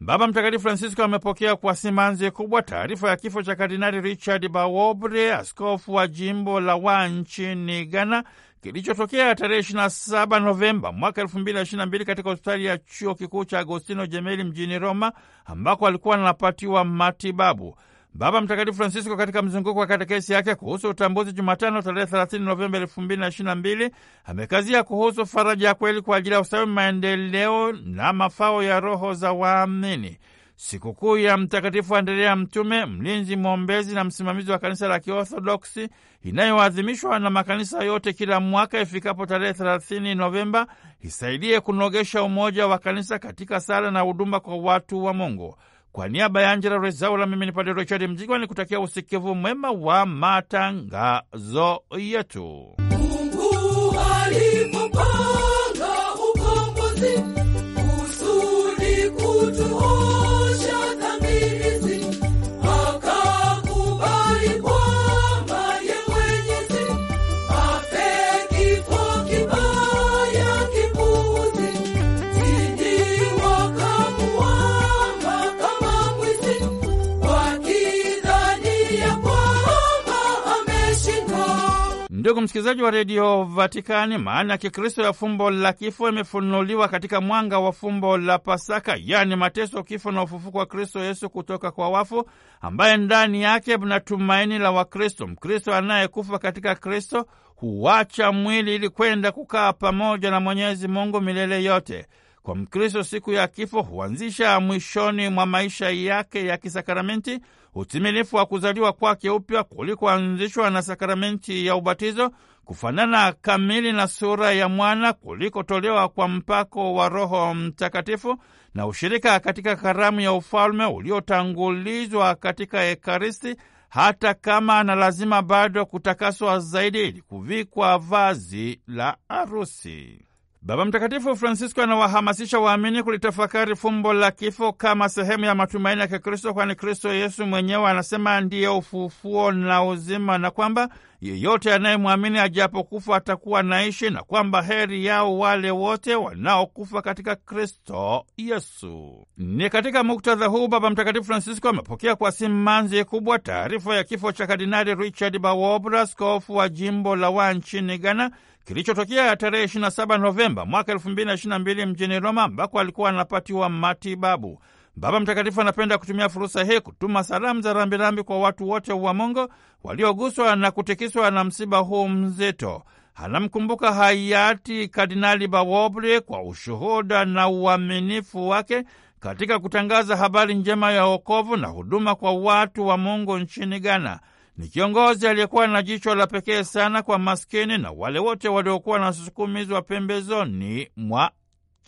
Baba Mtakatifu Francisco amepokea kwa simanzi kubwa taarifa ya kifo cha Kardinali Richard Bawobre, askofu wa jimbo la Wa nchini Ghana, kilichotokea tarehe 27 Novemba mwaka 2022 katika hospitali ya chuo kikuu cha Agostino Jemeli mjini Roma, ambako alikuwa anapatiwa matibabu. Baba Mtakatifu Francisco katika mzunguko wa katekesi yake kuhusu utambuzi Jumatano tarehe 30 Novemba 2022 amekazia kuhusu faraja ya kweli kwa ajili ya ustawi, maendeleo na mafao ya roho za waamini. Sikukuu ya Mtakatifu Andrea Mtume, mlinzi mwombezi na msimamizi wa kanisa la Kiorthodoksi, inayoadhimishwa na makanisa yote kila mwaka ifikapo tarehe 30 Novemba, isaidie kunogesha umoja wa kanisa katika sala na huduma kwa watu wa Mungu. Kwa niaba ya Angela Rezaula, mimi ni Padre Richard Mjigwa ni kutakia usikivu mwema wa matangazo yetu. Ndugu msikilizaji wa redio Vatikani, maana ya Kikristo ya fumbo la kifo imefunuliwa katika mwanga wa fumbo la Pasaka, yaani mateso, kifo na ufufuko wa Kristo Yesu kutoka kwa wafu, ambaye ndani yake mna tumaini la Wakristo. Mkristo anayekufa katika Kristo huwacha mwili ili kwenda kukaa pamoja na Mwenyezi Mungu milele yote. Kwa Mkristo, siku ya kifo huanzisha mwishoni mwa maisha yake ya kisakramenti utimilifu wa kuzaliwa kwake upya kulikoanzishwa na sakramenti ya ubatizo, kufanana kamili na sura ya mwana kulikotolewa kwa mpako wa Roho Mtakatifu, na ushirika katika karamu ya ufalme uliotangulizwa katika Ekaristi, hata kama na lazima bado kutakaswa zaidi ili kuvikwa vazi la arusi. Baba Mtakatifu Francisco anawahamasisha waamini kulitafakari fumbo la kifo kama sehemu ya matumaini ya Kikristo, kwani Kristo Yesu mwenyewe anasema ndiye ufufuo na uzima, na kwamba yeyote anayemwamini ajapokufa atakuwa naishi, na kwamba heri yao wale wote wanaokufa katika Kristo Yesu. Ni katika muktadha huu Baba Mtakatifu Francisco amepokea kwa simanzi kubwa taarifa ya kifo cha Kardinali Richard Bawobra, skofu wa jimbo la Wa nchini Ghana kilichotokea tarehe 27 Novemba mwaka 2022 mjini Roma, ambako alikuwa anapatiwa matibabu. Baba Mtakatifu anapenda kutumia fursa hii kutuma salamu za rambirambi kwa watu wote wa Mungu walioguswa na kutikiswa na msiba huu mzito. Anamkumbuka hayati Kardinali bawobri kwa ushuhuda na uaminifu wake katika kutangaza habari njema ya wokovu na huduma kwa watu wa Mungu nchini Ghana. Ni kiongozi aliyekuwa na jicho la pekee sana kwa maskini na wale wote waliokuwa na sukumizwa pembezoni mwa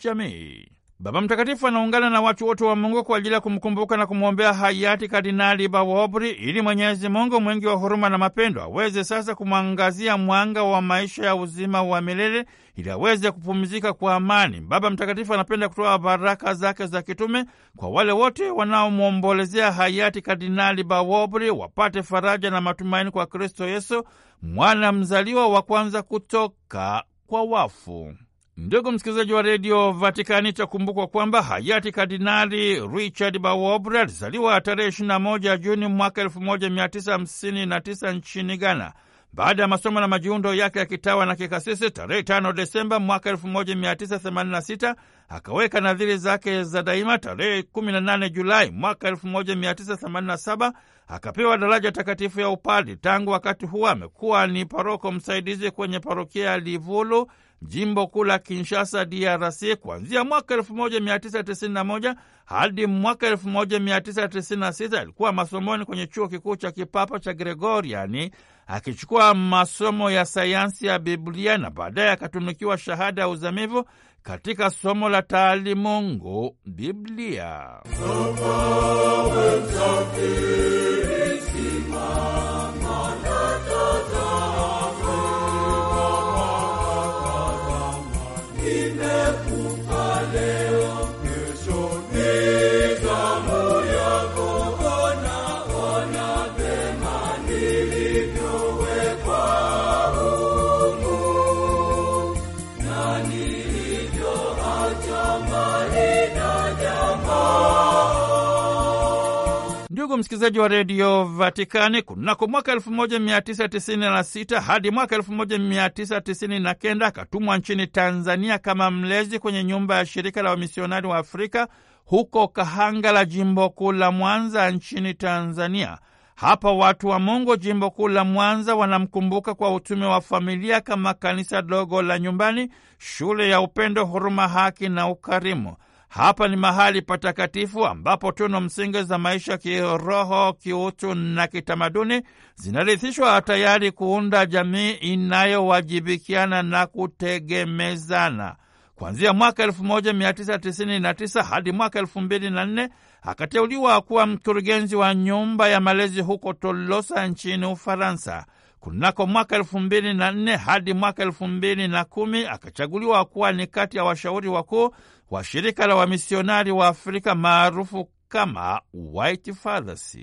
jamii. Baba Mtakatifu anaungana na watu wote wa Mungu kwa ajili ya kumkumbuka na kumwombea hayati Kardinali Bawobri ili Mwenyezi Mungu mwingi wa huruma na mapendo aweze sasa kumwangazia mwanga wa maisha ya uzima wa milele ili aweze kupumzika kwa amani. Baba Mtakatifu anapenda kutoa baraka zake za kitume kwa wale wote wanaomwombolezea hayati Kardinali Bawobri, wapate faraja na matumaini kwa Kristo Yesu, mwana mzaliwa wa kwanza kutoka kwa wafu. Ndugu msikilizaji wa redio Vatikani, itakumbukwa kwamba hayati Kardinali Richard Bawobre alizaliwa tarehe 21 Juni mwaka 1959 nchini Ghana. Baada ya masomo na majiundo yake ya kitawa na kikasisi, tarehe 5 Desemba mwaka 1986 akaweka nadhiri zake za daima. Tarehe 18 Julai mwaka 1987 akapewa daraja takatifu ya upadi. Tangu wakati huo amekuwa ni paroko msaidizi kwenye parokia ya Livulu, jimbo kuu la Kinshasa, DRC, kuanzia mwaka 1991 hadi mwaka 1996. Alikuwa masomoni kwenye chuo kikuu cha kipapa cha Gregoriani akichukua masomo ya sayansi ya Biblia na baadaye akatunukiwa shahada ya uzamivu katika somo la taalimungu Biblia. msikilizaji wa redio Vatikani, kunako mwaka 1996 hadi mwaka 1999 akatumwa nchini Tanzania kama mlezi kwenye nyumba ya shirika la wamisionari wa Afrika huko Kahanga la jimbo kuu la Mwanza nchini Tanzania. Hapa watu wa Mungu jimbo kuu la Mwanza wanamkumbuka kwa utume wa familia kama kanisa dogo la nyumbani, shule ya upendo, huruma, haki na ukarimu. Hapa ni mahali patakatifu ambapo tunu msingi za maisha kiroho, kiutu na kitamaduni zinarithishwa tayari kuunda jamii inayowajibikiana na kutegemezana. Kuanzia mwaka 1999 hadi mwaka 2004 akateuliwa kuwa mkurugenzi wa nyumba ya malezi huko Tolosa nchini Ufaransa. Kunako mwaka elfu mbili na nne hadi mwaka elfu mbili na kumi akachaguliwa kuwa ni kati ya washauri wakuu wa shirika la wamisionari wa Afrika maarufu kama White Fathers.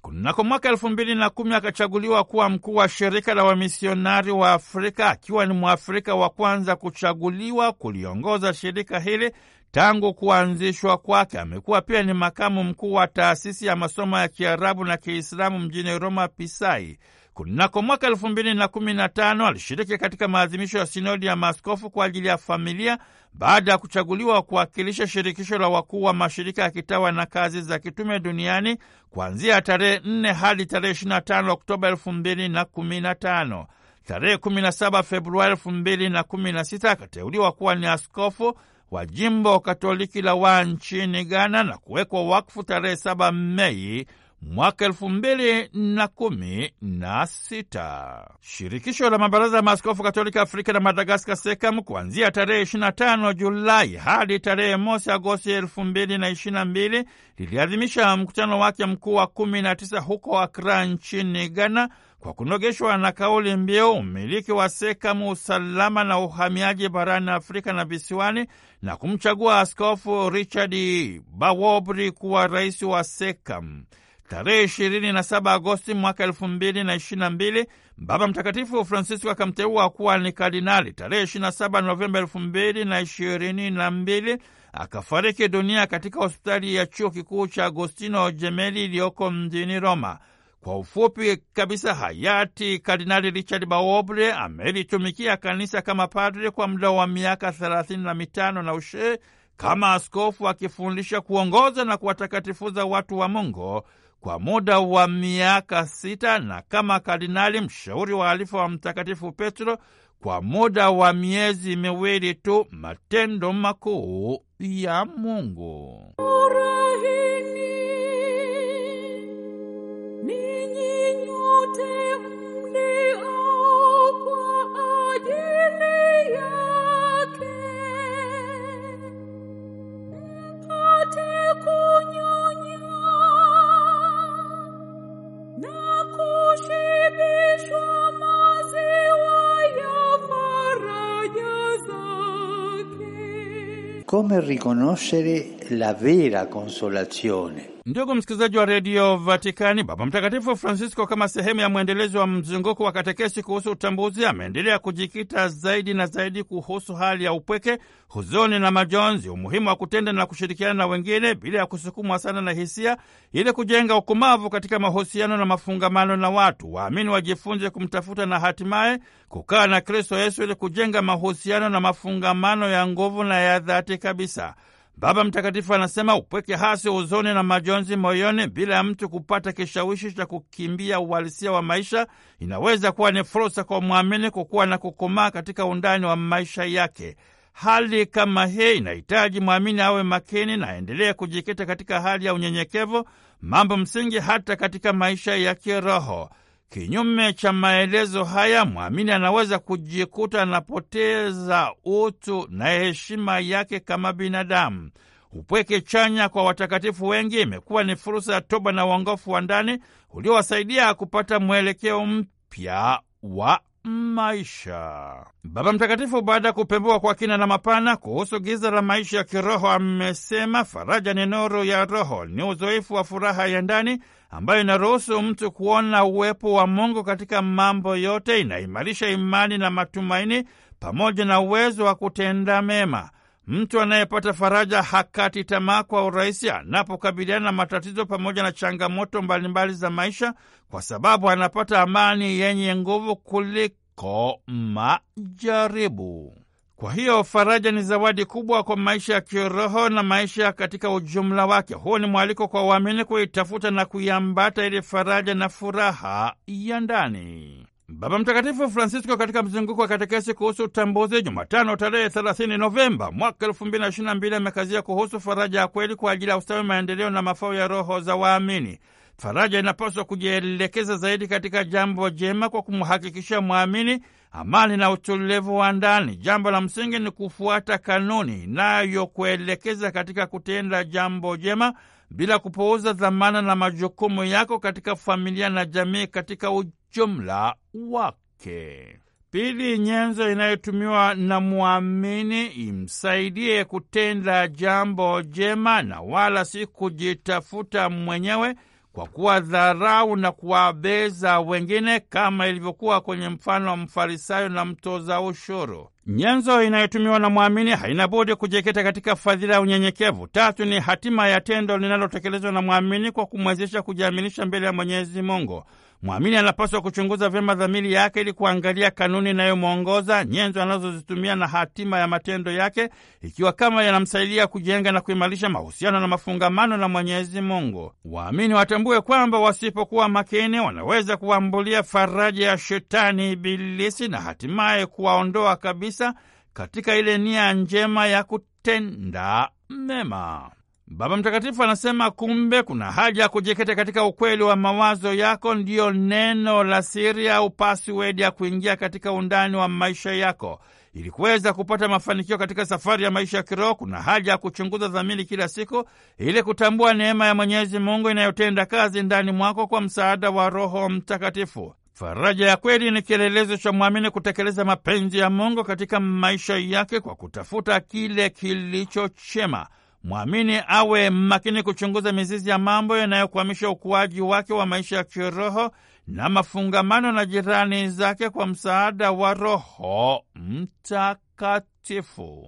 Kunako mwaka elfu mbili na kumi akachaguliwa kuwa mkuu wa shirika la wamisionari wa Afrika, akiwa ni Mwafrika wa kwanza kuchaguliwa kuliongoza shirika hili tangu kuanzishwa kwake. Amekuwa pia ni makamu mkuu wa taasisi ya masomo ya Kiarabu na Kiislamu mjini Roma, Pisai. Kunako mwaka elfu mbili na kumi na tano alishiriki katika maadhimisho ya sinodi ya maaskofu kwa ajili ya familia baada ya kuchaguliwa kuwakilisha shirikisho la wakuu wa mashirika ya kitawa na kazi za kitume duniani kuanzia tarehe 4 hadi tarehe 25 Oktoba elfu mbili na kumi na tano. Tarehe 17 Februari elfu mbili na kumi na sita akateuliwa kuwa ni askofu wa jimbo Katoliki la Wa nchini Ghana na kuwekwa wakfu tarehe 7 Mei mwaka elfu mbili na kumi na sita. Shirikisho la mabaraza ya maaskofu katolika Afrika na Madagaska SEKAM, kuanzia tarehe 25 Julai hadi tarehe mosi Agosti elfu mbili na ishirini na mbili liliadhimisha mkutano wake mkuu wa kumi na tisa huko Akra nchini Ghana, kwa kunogeshwa na kauli mbiu umiliki wa SEKAMU, usalama na uhamiaji barani Afrika na visiwani, na kumchagua Askofu Richard Bawobri kuwa rais wa SEKAMU. Tarehe ishirini na saba Agosti mwaka elfu mbili na ishirini na mbili Baba Mtakatifu Francisco akamteua kuwa ni kardinali. Tarehe ishirini na saba Novemba elfu mbili na ishirini na mbili akafariki dunia katika hospitali ya chuo kikuu cha Agostino jemeli iliyoko mjini Roma. Kwa ufupi kabisa, hayati Kardinali Richard Baobre amelitumikia kanisa kama padre kwa muda wa miaka thelathini na mitano na ushee kama askofu akifundisha, kuongoza na kuwatakatifuza watu wa Mungu kwa muda wa miaka sita na kama kardinali mshauri wa alifa wa Mtakatifu Petro kwa muda wa miezi miwili tu. Matendo makuu ya Mungu. Ninyi nyote come riconoscere la vera consolazione Ndugu msikilizaji wa redio Vatikani, Baba Mtakatifu Francisco, kama sehemu ya mwendelezo wa mzunguko wa katekesi kuhusu utambuzi, ameendelea kujikita zaidi na zaidi kuhusu hali ya upweke, huzuni na majonzi, umuhimu wa kutenda na kushirikiana na wengine bila ya kusukumwa sana na hisia, ili kujenga ukomavu katika mahusiano na mafungamano na watu. Waamini wajifunze kumtafuta na hatimaye kukaa na Kristo Yesu ili kujenga mahusiano na mafungamano ya nguvu na ya dhati kabisa. Baba Mtakatifu anasema upweke hasi huzuni na majonzi moyoni, bila ya mtu kupata kishawishi cha kukimbia uhalisia wa maisha, inaweza kuwa ni fursa kwa mwamini kukuwa na kukomaa katika undani wa maisha yake. Hali kama hii inahitaji mwamini awe makini na aendelee kujikita katika hali ya unyenyekevu, mambo msingi hata katika maisha ya kiroho. Kinyume cha maelezo haya, mwamini anaweza kujikuta anapoteza utu na heshima yake kama binadamu. Upweke chanya kwa watakatifu wengi imekuwa ni fursa ya toba na uongofu wa ndani uliowasaidia kupata mwelekeo mpya wa maisha. Baba Mtakatifu, baada ya kupembua kwa kina na mapana kuhusu giza la maisha ya kiroho, amesema faraja ni nuru ya roho, ni uzoefu wa furaha ya ndani ambayo inaruhusu mtu kuona uwepo wa Mungu katika mambo yote, inaimarisha imani na matumaini pamoja na uwezo wa kutenda mema. Mtu anayepata faraja hakati tamaa kwa urahisi anapokabiliana na matatizo pamoja na changamoto mbalimbali za maisha, kwa sababu anapata amani yenye nguvu kuliko majaribu. Kwa hiyo faraja ni zawadi kubwa kwa maisha ya kiroho na maisha katika ujumla wake. Huu ni mwaliko kwa waamini kuitafuta na kuiambata ili faraja na furaha ya ndani. Baba Mtakatifu Francisco katika mzunguko wa katekesi kuhusu utambuzi Jumatano tarehe 30 Novemba mwaka 2022 amekazia kuhusu faraja ya kweli kwa ajili ya ustawi, maendeleo na mafao ya roho za waamini. Faraja inapaswa kujielekeza zaidi katika jambo jema kwa kumhakikisha mwamini amani na utulivu wa ndani. Jambo la msingi ni kufuata kanuni inayokuelekeza katika kutenda jambo jema bila kupuuza dhamana na majukumu yako katika familia na jamii katika ujumla wake. Pili, nyenzo inayotumiwa na mwamini imsaidie kutenda jambo jema na wala si kujitafuta mwenyewe kwa kuwadharau na kuwabeza wengine kama ilivyokuwa kwenye mfano wa mfarisayo na mtoza ushuru. Nyenzo inayotumiwa na mwamini haina budi kujikita katika fadhila ya unyenyekevu. Tatu ni hatima ya tendo linalotekelezwa na mwamini kwa kumwezesha kujiaminisha mbele ya Mwenyezi Mungu. Mwamini anapaswa kuchunguza vyema dhamiri yake ili kuangalia kanuni inayomwongoza, nyenzo anazozitumia na hatima ya matendo yake, ikiwa kama yanamsaidia kujenga na kuimarisha mahusiano na mafungamano na Mwenyezi Mungu. Waamini watambue kwamba wasipokuwa makini, wanaweza kuambulia faraja ya shetani Ibilisi na hatimaye kuwaondoa kabisa katika ile nia njema ya kutenda mema. Baba Mtakatifu anasema kumbe kuna haja ya kujikita katika ukweli wa mawazo yako, ndiyo neno la siri au paswedi ya kuingia katika undani wa maisha yako. Ili kuweza kupata mafanikio katika safari ya maisha ya kiroho, kuna haja ya kuchunguza dhamiri kila siku, ili kutambua neema ya Mwenyezi Mungu inayotenda kazi ndani mwako kwa msaada wa Roho Mtakatifu. Faraja ya kweli ni kielelezo cha mwamini kutekeleza mapenzi ya Mungu katika maisha yake kwa kutafuta kile kilicho chema. Mwamini awe makini kuchunguza mizizi ya mambo yanayokwamisha ukuaji wake wa maisha ya kiroho na mafungamano na jirani zake kwa msaada wa Roho Mtakatifu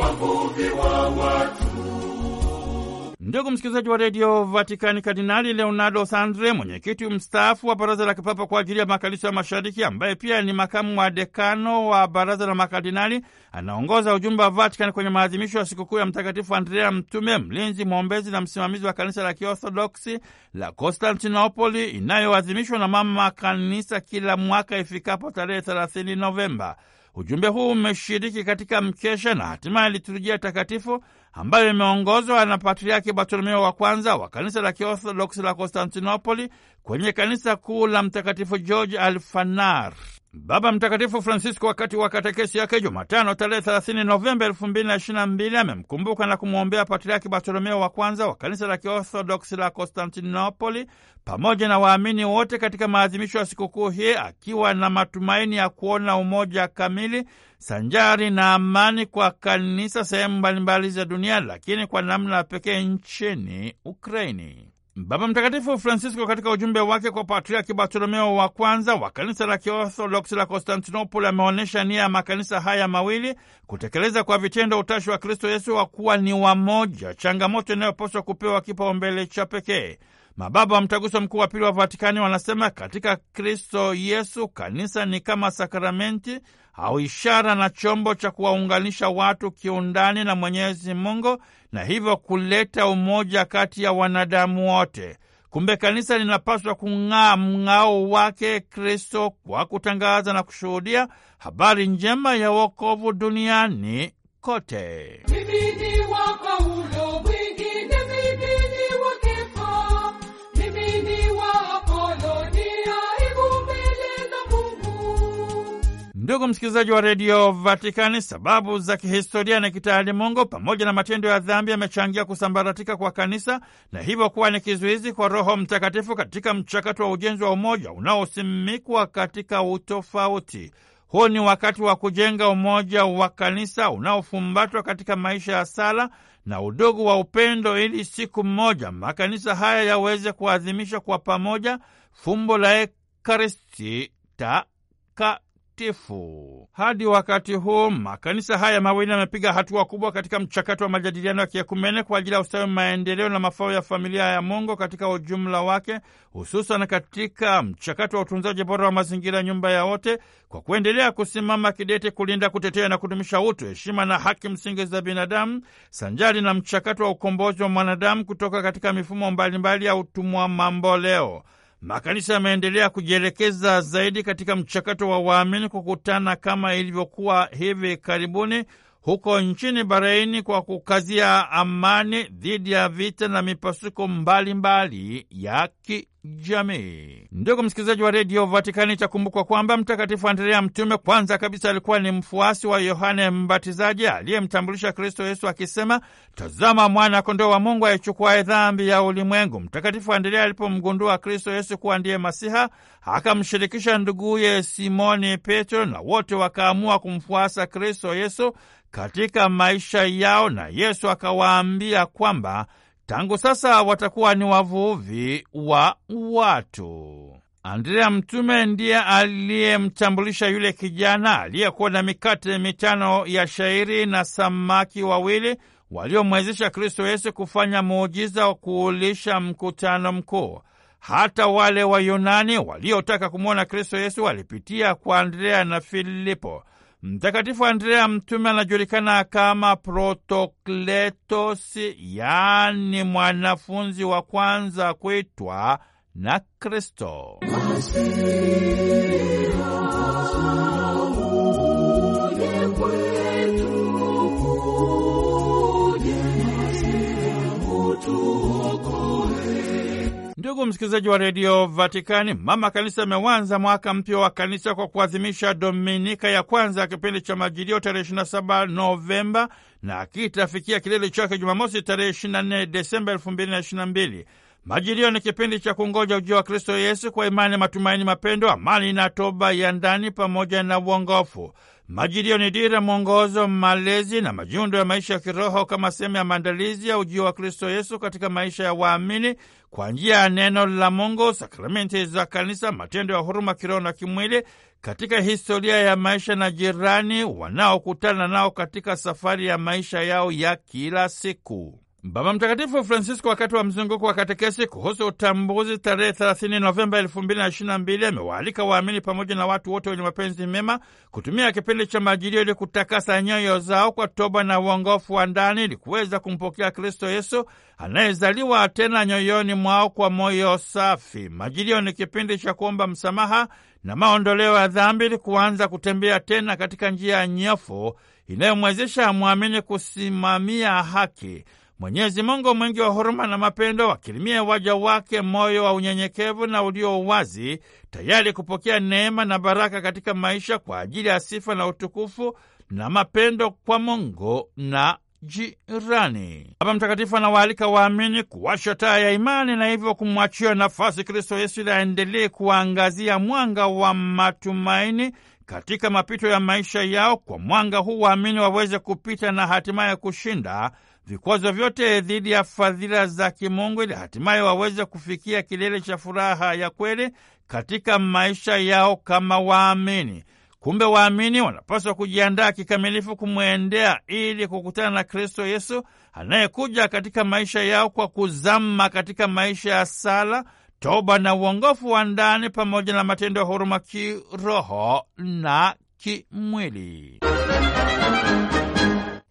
wavuvi wa watu. Ndugu msikilizaji wa redio Vatikani, Kardinali Leonardo Sandre, mwenyekiti mstaafu wa baraza la kipapa kwa ajili ya makanisa ya mashariki, ambaye pia ni makamu wa dekano wa baraza la makardinali, anaongoza ujumbe wa Vatikani kwenye maadhimisho ya sikukuu ya Mtakatifu Andrea Mtume, mlinzi mwombezi na msimamizi wa kanisa la kiorthodoksi la Konstantinopoli, inayoadhimishwa na mama kanisa kila mwaka ifikapo tarehe 30 Novemba. Ujumbe huu umeshiriki katika mkesha na hatimaye liturujia takatifu ambayo imeongozwa na Patriaki Bartolomeo wa kwanza wa kanisa la Kiorthodoksi la Konstantinopoli kwenye kanisa kuu la Mtakatifu George Alfanar. Baba Mtakatifu Francisco wakati wa katekesi yake Jumatano tarehe 30 Novemba 2022 amemkumbuka na kumwombea Patriaki Bartolomeo wa kwanza wa kanisa la Kiorthodoksi la Konstantinopoli pamoja na waamini wote katika maadhimisho ya sikukuu hii, akiwa na matumaini ya kuona umoja kamili sanjari na amani kwa kanisa sehemu mbalimbali za dunia, lakini kwa namna pekee nchini Ukraini. Baba Mtakatifu Francisco katika ujumbe wake kwa Patriaki Bartolomeo wa kwanza wa kanisa la Kiorthodoksi la Konstantinopoli ameonyesha nia ya makanisa haya mawili kutekeleza kwa vitendo utashi wa Kristo Yesu wa kuwa ni wamoja, changamoto inayopaswa kupewa kipaumbele cha pekee. Mababa wa Mtaguso Mkuu wa Pili wa Vatikani wanasema katika Kristo Yesu kanisa ni kama sakramenti au ishara na chombo cha kuwaunganisha watu kiundani na Mwenyezi Mungu na hivyo kuleta umoja kati ya wanadamu wote. Kumbe kanisa linapaswa kung'aa mng'ao wake Kristo kwa kutangaza na kushuhudia habari njema ya wokovu duniani kote. Ndugu msikilizaji wa redio Vatikani, sababu za kihistoria na kitaalimungu pamoja na matendo ya dhambi yamechangia kusambaratika kwa kanisa na hivyo kuwa ni kizuizi kwa Roho Mtakatifu katika mchakato wa ujenzi wa umoja unaosimikwa katika utofauti. Huu ni wakati wa kujenga umoja wa kanisa unaofumbatwa katika maisha ya sala na udugu wa upendo, ili siku moja makanisa haya yaweze kuadhimisha kwa pamoja fumbo la Ekaristi Takatifu. Mtakatifu. Hadi wakati huu makanisa haya mawili yamepiga hatua kubwa katika mchakato wa majadiliano ya kiekumene kwa ajili ya ustawi, maendeleo na mafao ya familia ya Mungu katika ujumla wake, hususan katika mchakato wa utunzaji bora wa mazingira, nyumba ya wote, kwa kuendelea kusimama kidete kulinda, kutetea na kudumisha utu, heshima na haki msingi za binadamu, sanjari na mchakato wa ukombozi wa mwanadamu kutoka katika mifumo mbalimbali ya utumwa mamboleo makanisa yameendelea kujielekeza zaidi katika mchakato wa waamini kukutana kama ilivyokuwa hivi karibuni huko nchini Bahraini kwa kukazia amani dhidi ya vita na mipasuko mbalimbali ya ki jamii. Ndugu msikilizaji wa redio Vatikani, itakumbukwa kwamba Mtakatifu Andrea Mtume kwanza kabisa alikuwa ni mfuasi wa Yohane Mbatizaji aliyemtambulisha Kristo Yesu akisema, tazama mwana kondoo wa Mungu aichukuaye dhambi ya ulimwengu. Mtakatifu Andrea alipomgundua Kristo Yesu kuwa ndiye Masiha, akamshirikisha nduguye Simoni Petro, na wote wakaamua kumfuasa Kristo Yesu katika maisha yao, na Yesu akawaambia kwamba Tangu sasa watakuwa ni wavuvi wa watu. Andrea Mtume ndiye aliyemtambulisha yule kijana aliyekuwa na mikate mitano ya shairi na samaki wawili waliomwezesha Kristo Yesu kufanya muujiza wa kuulisha mkutano mkuu. Hata wale Wayunani waliotaka kumwona Kristo Yesu walipitia kwa Andrea na Filipo. Mtakatifu Andrea mtume anajulikana kama Protokletosi, yaani mwanafunzi wa kwanza kuitwa na Kristo. Ndugu msikilizaji wa redio Vatikani, mama kanisa amewanza mwaka mpya wa kanisa kwa kuadhimisha dominika ya kwanza ya kipindi cha majilio tarehe 27 Novemba na kitafikia kilele chake Jumamosi tarehe 24 Desemba 2022. Majilio ni kipindi cha kungoja ujio wa Kristo Yesu kwa imani, matumaini, mapendo, amani na toba ya ndani pamoja na uongofu. Majilio dira, mwongozo, malezi na majundo ya maisha ya kiroho kama sehemu ya maandalizi ya ujio wa Kristo Yesu katika maisha ya waamini kwa njia ya neno la Mungu, sakramenti za kanisa, matendo ya huruma kiroho na kimwili katika historia ya maisha na jirani wanaokutana nao katika safari ya maisha yao ya kila siku. Baba Mtakatifu Francisco wakati wa mzunguko wa katekesi kuhusu utambuzi tarehe 30 Novemba 2022 amewaalika waamini pamoja na watu wote wenye mapenzi mema kutumia kipindi cha majilio ili kutakasa nyoyo zao kwa toba na uongofu wa ndani ili kuweza kumpokea Kristo Yesu anayezaliwa tena nyoyoni mwao kwa moyo safi. Majilio ni kipindi cha kuomba msamaha na maondoleo ya dhambi ili kuanza kutembea tena katika njia nyofu inayomwezesha mwamini kusimamia haki. Mwenyezi Mungu mwingi wa huruma na mapendo, wakirimie waja wake moyo wa unyenyekevu na ulio wazi, tayari kupokea neema na baraka katika maisha kwa ajili ya sifa na utukufu na mapendo kwa Mungu na jirani. Baba Mtakatifu anawaalika waamini kuwasha taa ya imani na hivyo kumwachia nafasi Kristo Yesu ili aendelee kuwaangazia mwanga wa matumaini katika mapito ya maisha yao. Kwa mwanga huu waamini waweze kupita na hatimaye kushinda vikwazo vyote dhidi ya fadhila za kimungu ili hatimaye waweze kufikia kilele cha furaha ya kweli katika maisha yao kama waamini. Kumbe waamini wanapaswa kujiandaa kikamilifu kumwendea ili kukutana na Kristo Yesu anayekuja katika maisha yao kwa kuzama katika maisha ya sala, toba na uongofu wa ndani pamoja na matendo ya huruma kiroho na kimwili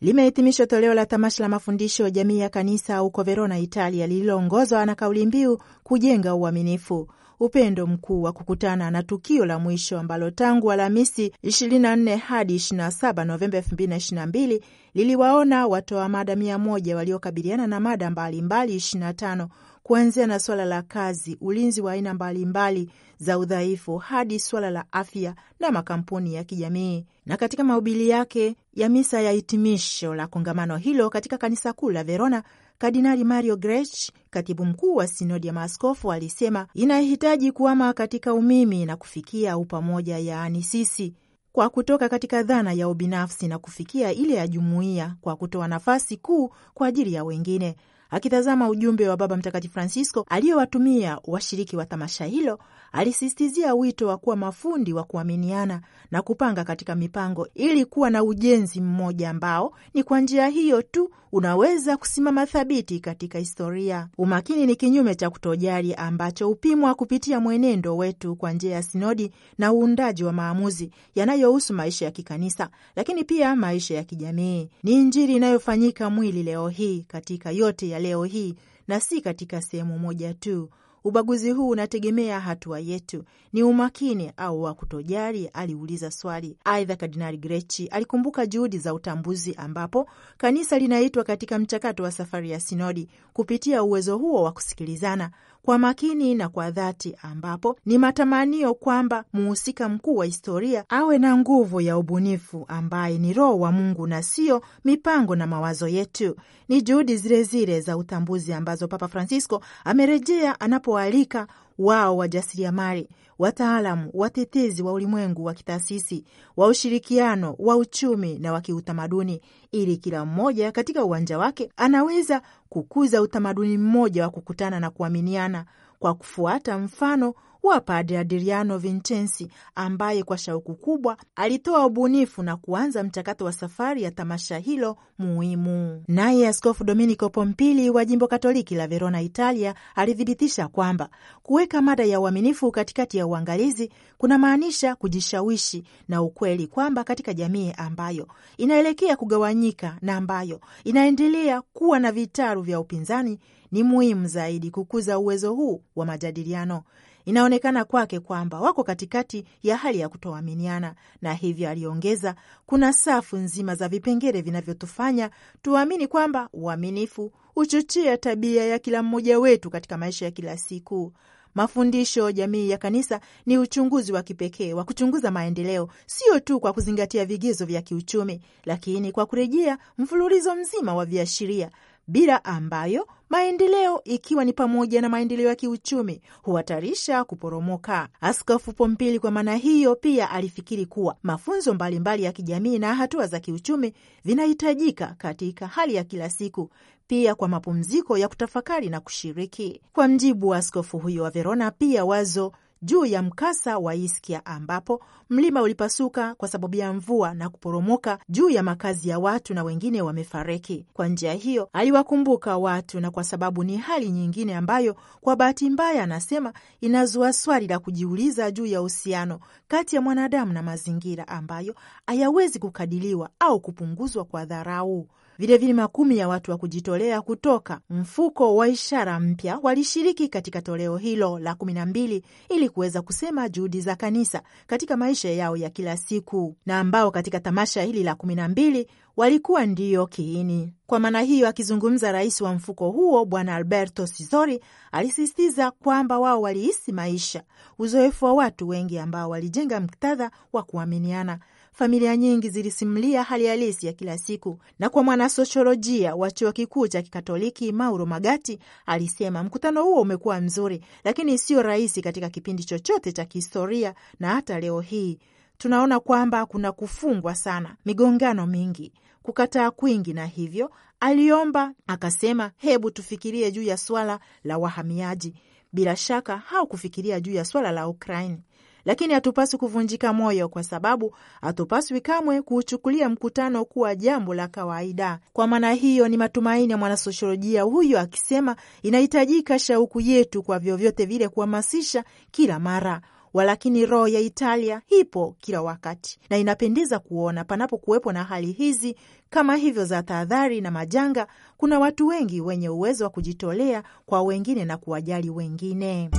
limehitimisha toleo la tamasha la mafundisho jamii ya kanisa huko Verona, Italia, lililoongozwa na kauli mbiu kujenga uaminifu upendo mkuu wa kukutana na tukio la mwisho ambalo tangu Alhamisi 24 hadi 27 Novemba 2022 liliwaona watoa mada mia waliokabiliana na mada mbalimbali 25 kuanzia na swala la kazi, ulinzi wa aina mbalimbali za udhaifu hadi swala la afya na makampuni ya kijamii. Na katika mahubiri yake ya misa ya hitimisho la kongamano hilo katika kanisa kuu la Verona, Kardinali Mario Grech, katibu mkuu wa sinodi ya maaskofu, alisema inahitaji kuama katika umimi na kufikia upamoja, yaani sisi kwa kutoka katika dhana ya ubinafsi na kufikia ile ya jumuiya, kwa kutoa nafasi kuu kwa ajili ya wengine. Akitazama ujumbe wa Baba Mtakatifu Francisco aliyowatumia washiriki wa tamasha hilo, alisistizia wito wa kuwa mafundi wa kuaminiana na kupanga katika mipango ili kuwa na ujenzi mmoja ambao ni kwa njia hiyo tu unaweza kusimama thabiti katika historia. Umakini ni kinyume cha kutojali ambacho hupimwa kupitia mwenendo wetu kwa njia ya sinodi na uundaji wa maamuzi yanayohusu maisha ya kikanisa, lakini pia maisha ya kijamii. Ni Injili inayofanyika mwili leo hii katika yote ya leo hii na si katika sehemu moja tu. Ubaguzi huu unategemea hatua yetu, ni umakini au wa kutojali? aliuliza swali. Aidha, Kardinali Grechi alikumbuka juhudi za utambuzi ambapo kanisa linaitwa katika mchakato wa safari ya sinodi kupitia uwezo huo wa kusikilizana kwa makini na kwa dhati, ambapo ni matamanio kwamba muhusika mkuu wa historia awe na nguvu ya ubunifu ambaye ni Roho wa Mungu na sio mipango na mawazo yetu. Ni juhudi zile zile za utambuzi ambazo Papa Francisco amerejea anapoalika wao wajasiriamali, wataalamu, watetezi wa ulimwengu wa kitaasisi, wa ushirikiano wa uchumi na wa kiutamaduni, ili kila mmoja katika uwanja wake anaweza kukuza utamaduni mmoja wa kukutana na kuaminiana kwa kufuata mfano alikuwa Padre Adriano Vincenzi ambaye kwa shauku kubwa alitoa ubunifu na kuanza mchakato wa safari ya tamasha hilo muhimu. Naye Askofu Domenico Pompili wa jimbo Katoliki la Verona, Italia, alithibitisha kwamba kuweka mada ya uaminifu katikati ya uangalizi kunamaanisha kujishawishi na ukweli kwamba katika jamii ambayo inaelekea kugawanyika na ambayo inaendelea kuwa na vitaru vya upinzani ni muhimu zaidi kukuza uwezo huu wa majadiliano Inaonekana kwake kwamba wako katikati ya hali ya kutoaminiana, na hivyo aliongeza, kuna safu nzima za vipengele vinavyotufanya tuamini kwamba uaminifu huchochea tabia ya kila mmoja wetu katika maisha ya kila siku. Mafundisho jamii ya kanisa ni uchunguzi wa kipekee wa kuchunguza maendeleo, sio tu kwa kuzingatia vigezo vya kiuchumi, lakini kwa kurejea mfululizo mzima wa viashiria bila ambayo maendeleo ikiwa ni pamoja na maendeleo ya kiuchumi huhatarisha kuporomoka. Askofu Pompili kwa maana hiyo pia alifikiri kuwa mafunzo mbalimbali mbali ya kijamii na hatua za kiuchumi vinahitajika katika hali ya kila siku, pia kwa mapumziko ya kutafakari na kushiriki. Kwa mjibu wa askofu huyo wa Verona, pia wazo juu ya mkasa wa Iskia ambapo mlima ulipasuka kwa sababu ya mvua na kuporomoka juu ya makazi ya watu na wengine wamefariki. Kwa njia hiyo aliwakumbuka watu, na kwa sababu ni hali nyingine ambayo kwa bahati mbaya, anasema inazua swali la kujiuliza juu ya uhusiano kati ya mwanadamu na mazingira ambayo hayawezi kukadiliwa au kupunguzwa kwa dharau. Vilevile makumi ya watu wa kujitolea kutoka mfuko wa ishara mpya walishiriki katika toleo hilo la kumi na mbili ili kuweza kusema juhudi za kanisa katika maisha yao ya kila siku na ambao katika tamasha hili la kumi na mbili walikuwa ndiyo kiini. Kwa maana hiyo, akizungumza rais wa mfuko huo Bwana Alberto sizori alisisitiza kwamba wao walihisi maisha, uzoefu wa watu wengi ambao walijenga muktadha wa kuaminiana familia nyingi zilisimulia hali halisi ya kila siku, na kwa mwanasosiolojia wa chuo kikuu cha Kikatoliki Mauro magati alisema mkutano huo umekuwa mzuri, lakini sio rahisi katika kipindi chochote cha kihistoria, na hata leo hii tunaona kwamba kuna kufungwa sana, migongano mingi, kukataa kwingi, na hivyo aliomba akasema, hebu tufikirie juu ya swala la wahamiaji. Bila shaka kufikiria juu ya swala la Ukraini lakini hatupaswi kuvunjika moyo, kwa sababu hatupaswi kamwe kuuchukulia mkutano kuwa jambo la kawaida. Kwa maana hiyo, ni matumaini ya mwanasosiolojia huyo akisema, inahitajika shauku yetu kwa vyovyote vile kuhamasisha kila mara walakini roho ya Italia ipo kila wakati, na inapendeza kuona panapokuwepo na hali hizi kama hivyo za tahadhari na majanga, kuna watu wengi wenye uwezo wa kujitolea kwa wengine na kuwajali wengine.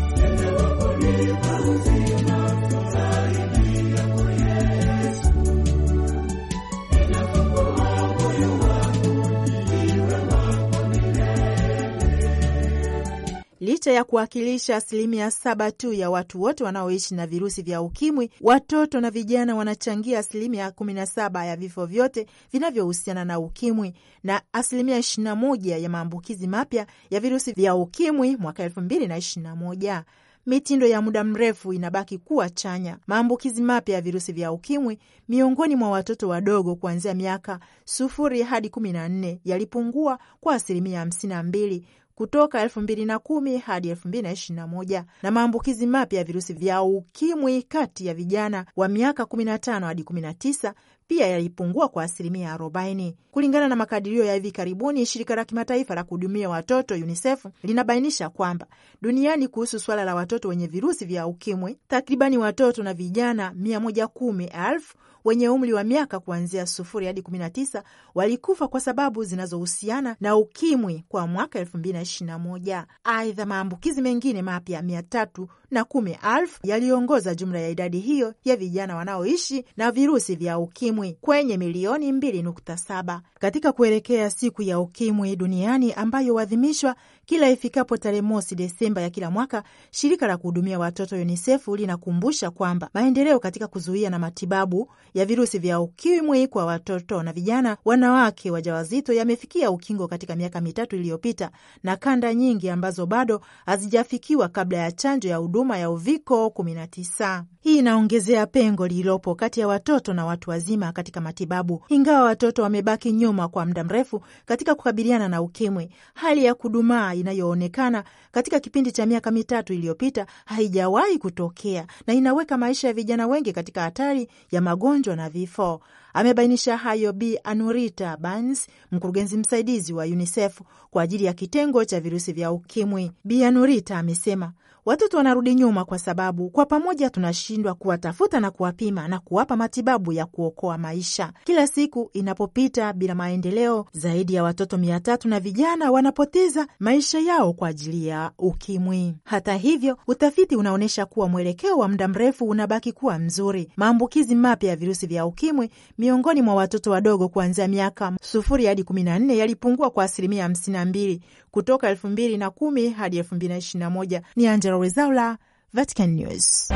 licha ya kuwakilisha asilimia saba tu ya watu wote wanaoishi na virusi vya ukimwi, watoto na vijana wanachangia asilimia kumi na saba ya vifo vyote vinavyohusiana na ukimwi na asilimia ishirini na moja ya maambukizi mapya ya virusi vya ukimwi mwaka elfu mbili na ishirini na moja. Mitindo ya muda mrefu inabaki kuwa chanya. Maambukizi mapya ya virusi vya ukimwi miongoni mwa watoto wadogo kuanzia miaka sufuri hadi kumi na nne yalipungua kwa asilimia hamsini na mbili kutoka 2010 hadi 2021 na maambukizi mapya ya virusi vya ukimwi kati ya vijana wa miaka 15 hadi 19 pia yalipungua kwa asilimia 40 kulingana na makadirio ya hivi karibuni. Shirika la kimataifa la kuhudumia watoto UNICEF linabainisha kwamba duniani kuhusu suala la watoto wenye virusi vya ukimwi, takribani watoto na vijana 110,000 wenye umri wa miaka kuanzia sufuri hadi 19 walikufa kwa sababu zinazohusiana na ukimwi kwa mwaka 2021. Aidha, maambukizi mengine mapya mia tatu na kumi yaliongoza jumla ya idadi hiyo ya vijana wanaoishi na virusi vya ukimwi kwenye milioni 2.7 katika kuelekea siku ya ukimwi duniani ambayo huadhimishwa kila ifikapo tarehe mosi Desemba ya kila mwaka, shirika la kuhudumia watoto UNICEF linakumbusha kwamba maendeleo katika kuzuia na matibabu ya virusi vya ukimwi kwa watoto na vijana, wanawake wajawazito yamefikia ukingo katika miaka mitatu iliyopita, na kanda nyingi ambazo bado hazijafikiwa kabla ya chanjo ya huduma ya uviko 19. Hii inaongezea pengo lililopo kati ya watoto na watu wazima katika matibabu, ingawa watoto wamebaki nyuma kwa muda mrefu katika kukabiliana na ukimwi. Hali ya kudumaa inayoonekana katika kipindi cha miaka mitatu iliyopita haijawahi kutokea na inaweka maisha ya vijana wengi katika hatari ya magonjwa na vifo. Amebainisha hayo Bi Anurita Bans, mkurugenzi msaidizi wa UNICEF kwa ajili ya kitengo cha virusi vya ukimwi. Bi Anurita amesema Watoto wanarudi nyuma kwa sababu kwa pamoja tunashindwa kuwatafuta na kuwapima na kuwapa matibabu ya kuokoa maisha. Kila siku inapopita bila maendeleo, zaidi ya watoto mia tatu na vijana wanapoteza maisha yao kwa ajili ya ukimwi. Hata hivyo, utafiti unaonyesha kuwa mwelekeo wa muda mrefu unabaki kuwa mzuri. Maambukizi mapya ya virusi vya ukimwi miongoni mwa watoto wadogo kuanzia miaka sufuri hadi kumi na nne yalipungua kwa asilimia hamsini na mbili kutoka 2010 hadi 2021. Ni Angela Rezaula, Vatican News.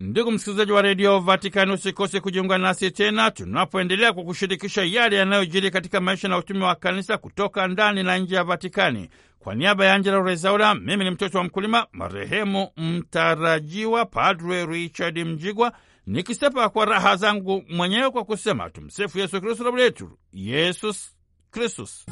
Ndugu msikilizaji wa redio Vatikani, usikose kujiunga nasi tena tunapoendelea kwa kushirikisha yale yanayojiri katika maisha na utumi wa kanisa kutoka ndani na nje ya Vatikani. Kwa niaba ya Angela Rezaula, mimi ni mtoto wa mkulima marehemu mtarajiwa Padre Richard Mjigwa, nikisepa kwa raha zangu mwenyewe kwa kusema tumsifu Yesu Kristu, lauletu Yesus Crissus.